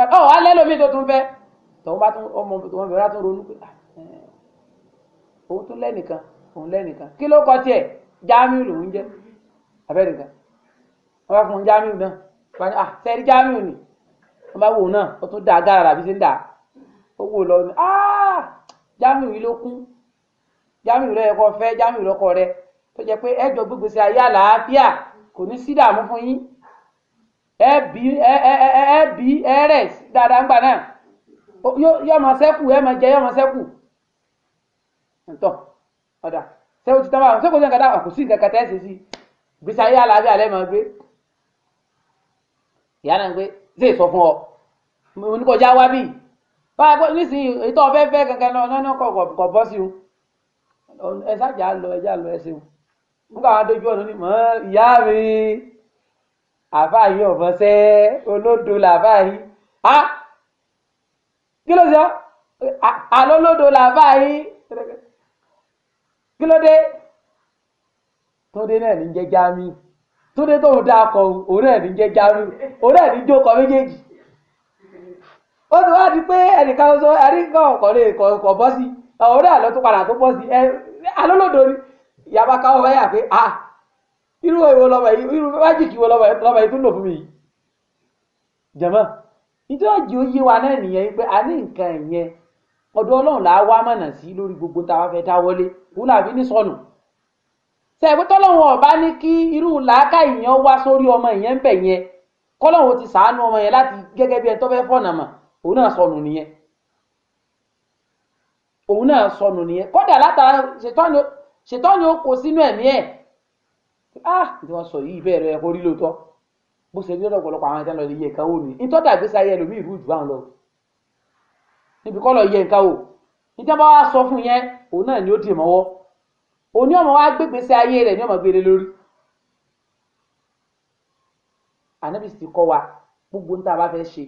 ọ oh, alẹ́ lómi tó tún fẹ́ tọ́wọ́n bá tún ọmọ tọ́wọ́n bẹ̀rẹ̀ tún ronú pé ah, eh, òun tún lẹ́nìkan òun lẹ́nìkan kí ló kọ tiẹ̀ Jamiu lòún jẹ́ abẹ́nìkan wọ́n bá fún Jamiu náà wọ́n bá sẹ́ni ah, Jamiu ni wọ́n bá wò náà ó tún dà á àbí ṣe ń dà ó wò lọ ni ah, Jamiu yìí ló kún Jamiu ló yẹ fẹ́ Jamiu lọ́kọ rẹ tó jẹ pé ẹjọ́ gbogbo sí ayé àlàáfíà kò ní sí fún yín ẹ bí ẹ ẹ ẹ bí ẹ rẹ̀ dáadáa ńgbà náà yóò máa ṣẹ́kù ẹ máa jẹ yóò máa ṣẹ́kù ntọ́ ọ̀dà sẹ́wọ́n ti tán báwọn sẹ́kù sí nǹkan dáhùn kò sí nǹkan kẹta ẹ̀ ṣe sí gbèsè ayé alábẹ́ alẹ́ máa gbé ìyá náà gbé ṣe sọ fún ọ mo ní kò já wá bí báwa pé nísìnyí ètò ọ̀fẹ́ fẹ́ kankan náà náà kọ̀ kọ̀ bọ́ sí o ẹ sáàjà lọ ẹ já lọ ẹ ṣeun nígbà wọn adójú ọ̀nà ni mọ̀ ìyá mi. àbá yìí olódo làbá yìí á kí ló sọ alólódo làbá yìí kí ló dé tóde náà ní jẹ́ jámi tóde tóun dáa kọ òun náà ní jẹ́ jámi òun náà ní jókòó méjèèjì ó ti wá di pé ẹnìkan sọ ẹnìkan ọkọ lè kọ bọ́ sí tó padà tó sí irú ìwọ lọba yìí irú májìkì ìwọ lọba yìí tó lò fún mi yìí jẹmọ ìjọjì ó yé wa náà nìyẹn pé a ní nǹkan ìyẹn ọ̀dọ̀ Ọlọ́run là á wá mọ̀nà sí lórí gbogbo tá a wá fẹ́ dá wọlé òun làbí ní sọnù sẹẹpẹ tọlọ́run ọba ní kí irú làákà ìyẹn wá sórí ọmọ ìyẹn ń bẹ yẹn kọ́lọ́run ti sàánú ọmọ yẹn láti gẹ́gẹ́ bí ẹni tó fẹ́ fọ̀nà mọ̀ òun náà sọnù nìyẹn òun náà sọnù nìyẹn kódà látara ṣètọ́ni ó kó sínú ẹ̀mí ẹ̀ ah tí wọ́n sọ yìí bẹ́ẹ̀ rẹ kó rí lóòótọ́ bó ṣe nílò ọ̀pọ̀lọpọ̀ àwọn ìtẹ́lọ yẹ nǹkan wò ní ìtọ́ dàgbé sáyé ẹlòmíì rú jù àwọn lọ níbi kọ́ lọ yẹ nǹkan wò ìjọba wa sọ fún yẹn òun náà ni ó dì mọ́wọ́ òní ọmọ wa gbégbé sí ayé rẹ̀ ní ọmọ gbére lórí ànábì sì kọ́ wa gbogbo ní tá a bá fẹ́ ṣe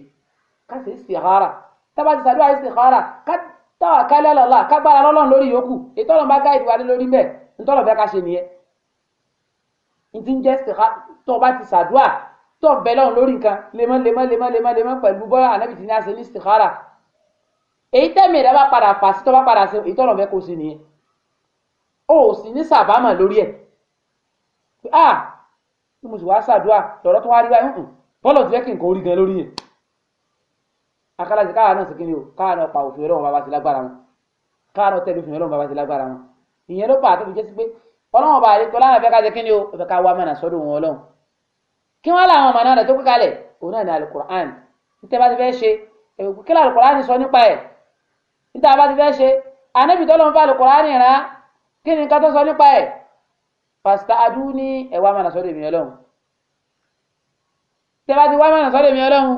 ká sì istikhara tá a bá ti ṣàdúrà istikhara ká táwa kálí àlọ́lá ká gbára lọ́lọ́run lórí yòókù ètò ọ̀nà bá gáìdì wa lé lórí ìdí ń jẹ́ sèkà tó o bá ti sàdúà tó o bẹ lọ́run lórí nǹkan lemọ́ lemọ́ lemọ́ lemọ́ lemọ́ pẹ̀lú bọ́lá ànábì tí ní àṣẹ ní sèkàrà èyí tẹ́mi rẹ bá padà fà sí tó bá padà sí ìtọ́nà fẹ́ kó sí nìyẹn o ò sì ní sàbámà lórí ẹ̀ pé a bí mo sì wá sàdúà lọ́rọ́ tó wá rí báyìí bọ́lọ̀ ti fẹ́ kí nǹkan orí gan lórí yẹn akálàsì káà náà sì kí ni o káà náà pa òfin ọlọ́run bàbá ti lágbára wọn káà náà tẹ̀lé òfin ọlọ́run bàbá ti lágbára wọn ìyẹn ló pa àtẹ́bí jẹ́ sí pé ọlọ́wọ́n bá àdékọ́ láwọn afẹ́ká ṣe kíni o ọ̀fẹ́ ká wá mọ̀nà sọ́dọ̀ wọn ọlọ́run kí wọ́n làwọn mọ̀nà rẹ̀ tó kú kalẹ̀ òun náà ní alukur'an níta bá ti fẹ́ ṣe èkó kí alukur'an sọ nípa ẹ̀ níta bá ti fẹ́ ṣe anábì tó lọ́n fa alukur'an rán kí ni ká tó sọ nípa ẹ̀ pásítà adú ní ẹ̀wá mọ̀nà sọ́dọ̀ èmi ọlọ́run tẹ́ bá ti wá mọ̀nà sọ́dọ̀ èmi ọlọ́run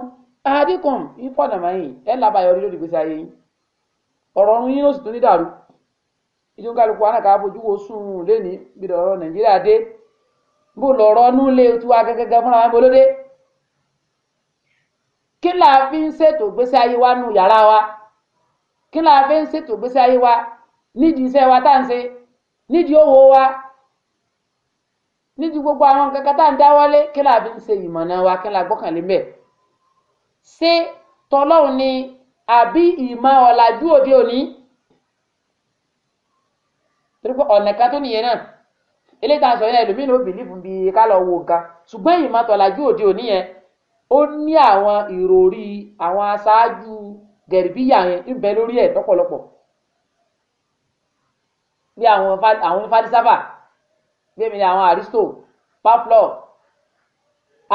ahadikun ifọ̀nàmọ́yìn ẹ̀ lábàáyọrí lórí ìgbésí ayé yín ọ̀rọ̀ ọ̀run yín ló sì tún ní dàrú ìjọ kálukú wọn kà fojú wo sùn lẹ́ni gbèdọ̀ ọ̀rọ̀ nàìjíríà dé bó lọ̀rọ̀ núlé tiwa gẹ́gẹ́gẹ́ fúnra wọn bolódé kí la fi ń ṣètò gbèsè ayé wa nù yàrá wa kí la fi ń ṣètò gbèsè ayé wa nídìí iṣẹ́ wa tá à ń ṣe nídìí owó wa nídìí gbogbo àwọn kankan tá à ń dáwọ́lé kí la fi ń ṣe ìmọ̀nà wa kí la gbọ́kànlé mẹ́ ṣé tọlọ́run ni àbí ìmọ̀ ọ̀làjú òde òní torí pé ọ̀nà kan tó nìyẹn náà eléyìí tá a sọ yẹn ẹlòmíín ló bìlífù bí ká lọ wo nǹkan ṣùgbọ́n ìmọ̀ tọ̀làjú òde òní yẹn ó ní àwọn ìròrí àwọn aṣáájú gẹ̀rìbíyà yẹn ń bẹ lórí ẹ̀ lọ́pọ̀lọpọ̀ bí àwọn falisafa bí èmi ni àwọn aristo paflo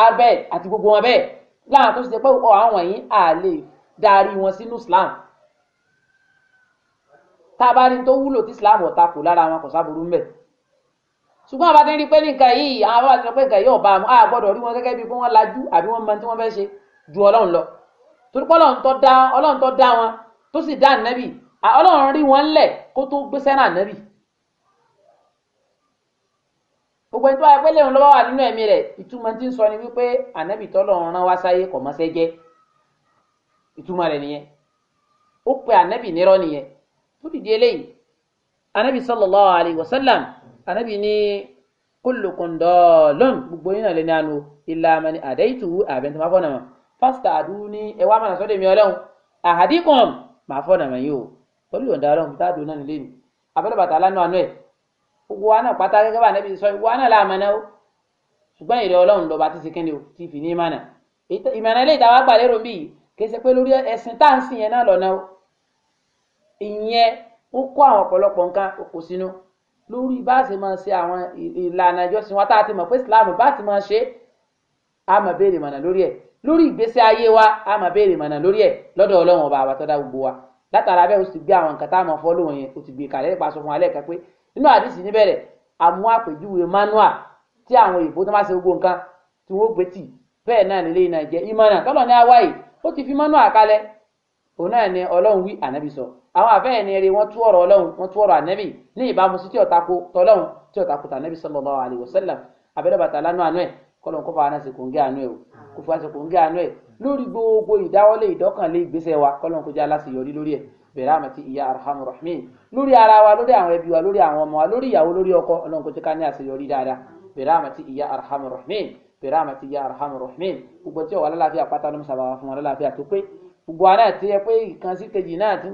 albert àti gbogbo wọn bẹ́ẹ̀ láwọn tó ṣe pé àwọn wọ̀nyí à lè darí wọn sínú islam tá a bá ní tó wúlò tí islam ọ̀ta kò lára wọn kò sábúrú ń bẹ̀ ṣùgbọ́n àbá ti rí pé nǹkan yìí àwọn bá ti sọ pé nǹkan yìí ọba àmọ́ àgbọ́dọ̀ rí wọn gẹ́gẹ́ bí pé wọ́n lajú àbí wọ́n mọ tí wọ́n fẹ́ ṣe ju ọlọ́run lọ torí pé ọlọ́run tó dá ọlọ́run tó dá wọn tó sì dá ànábì ọlọ́run rí wọn lẹ̀ kó tó gbé sẹ́nà ànábì gbogbo ẹni tó wáyé pé léwu ló wà nínú ẹ̀mí rẹ̀ ìtumọ̀ tí ń sọ ni wípé ànábì tọ́lọ́run rán wá sáyé kọ̀ mọ́sẹ́ jẹ́ ìtumọ̀ rẹ̀ nìyẹn ó pe ànábì nírọ́ nìyẹn tó dìde eléyìí anabi sallallahu alayhi wa sallam anabi ní kullukum dalun gbogbo yín náà lé ní àná illa man adaytuhu àbẹ̀ntì máa fọ́nà mọ́ pásítà àdúró ní ẹ wá mọ̀nà sọ́dọ̀ èmi ọlọ́run àhàdíkùn máa fọ́nà mọ́ yìí o pẹ̀lú ìyọ̀ǹda ọlọ́run tá a dùn náà nílé ni abẹ́rẹ́ bàtà lánàá àánú ẹ̀ gbogbo wa náà pátá gẹ́gẹ́ bá anabi sọ gbogbo wa náà láàmà náà o ṣùgbọ́n ìrẹ ọlọ́run lọ́ba ti sekẹ́ni o ti fi ní ìmánà ìmánà ilé ìdáwà gbà lérò bíi kì í ṣe pé lórí ẹ̀sìn tá à ń sìn náà o ìyẹn ó kó àwọn ọ̀pọ̀lọpọ̀ nǹkan kò sínú lórí bá a ṣe máa ṣe àwọn ìlànà ìjọsìn wa tá a ti mọ̀ pé Islam bá a ti máa ṣe a máa béèrè mọ̀nà lórí ẹ̀ lórí ìgbésí ayé wa a máa béèrè mọ̀nà lórí ẹ̀ lọ́dọ̀ Ọlọ́run ọba àbátọ́dá gbogbo wa látara bẹ́ẹ̀ ó sì gbé àwọn nǹkan tá a máa fọ́ lóhun yẹn ó ti gbé kalẹ̀ nípa sọ fún alẹ́ kan pé nínú àdìsí níbẹ̀rẹ̀ àmú àpèjúwe manual tí àwọn òyìnbó tó máa ṣe gbogbo nǹkan tí wọ́n gbé tì bẹ́ẹ̀ náà nílé iná jẹ́ ìmọ̀nà tọ́lọ̀ ní àwáyé ó ti fi manual kalẹ̀ òun náà ni ọlọ́run wí ànábì sọ àwọn àfẹ́yẹ̀ ni eré wọ́n tú ọ̀rọ̀ ọlọ́run wọ́n tú ọ̀rọ̀ ànábì ní ìbámu sí tí ó tako tọlọ́run tí ó tako tànábì sallallahu alaihi wasallam abẹ́rẹ́ bàtà lánàá àánú ẹ̀ kọ́lọ̀ kó fara ṣe kòńgẹ́ àánú ẹ̀ kó fara ṣe kòńgẹ́ àánú ẹ̀ lórí gbogbo ìdáwọ́lé ìdọ́kànlé ìgbésẹ̀ wa kọ́lọ̀ kó jẹ́ aláṣeyọrí lórí ẹ̀ bẹ̀rẹ̀ àmàtí ìyá arhamu rahmin lórí ara wa lórí àwọn ẹbí wa lórí àwọn ọmọ wa lórí ìyàwó lórí ọkọ ọlọ́run kó jẹ́ ká ní àṣeyọrí dáadáa bẹ̀rẹ̀ àmàtí ìyá arhamu rahmin bẹ̀rẹ̀ àmàtí ìyá arhamu rahmin gbogbo tí ọ̀wà lálàáfíà pátá ló ń sábà wá fún wa lálàáfíà tó pé gbogbo wa náà ti yẹ pé ìkan sí kejì náà ti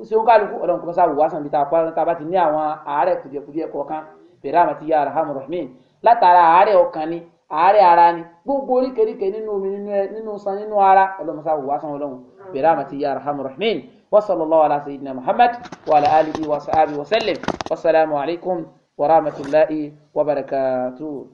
ń ṣe ó kálukú ọlọ́run kọ́mọ́sá wò wá sàn bí tá a bá ti ní àwọn àárẹ̀ kùdìẹ̀kùdìẹ̀ kọ̀ọ̀kan bẹ̀rẹ̀ àmọ́ ti yá arahamu rahmin látara àárẹ̀ ọkàn ni àárẹ̀ ara ni gbogbo oríkèéríkè nínú omi nínú san nínú ara ọlọ́mọ́sá wò sàn ọlọ́run bẹ̀rẹ̀ àmọ́ ti yá arahamu rahmin وصلى الله على سيدنا محمد وعلى آله وصحبه وسلم والسلام عليكم ورحمة الله وبركاته